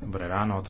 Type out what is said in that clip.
dobré ráno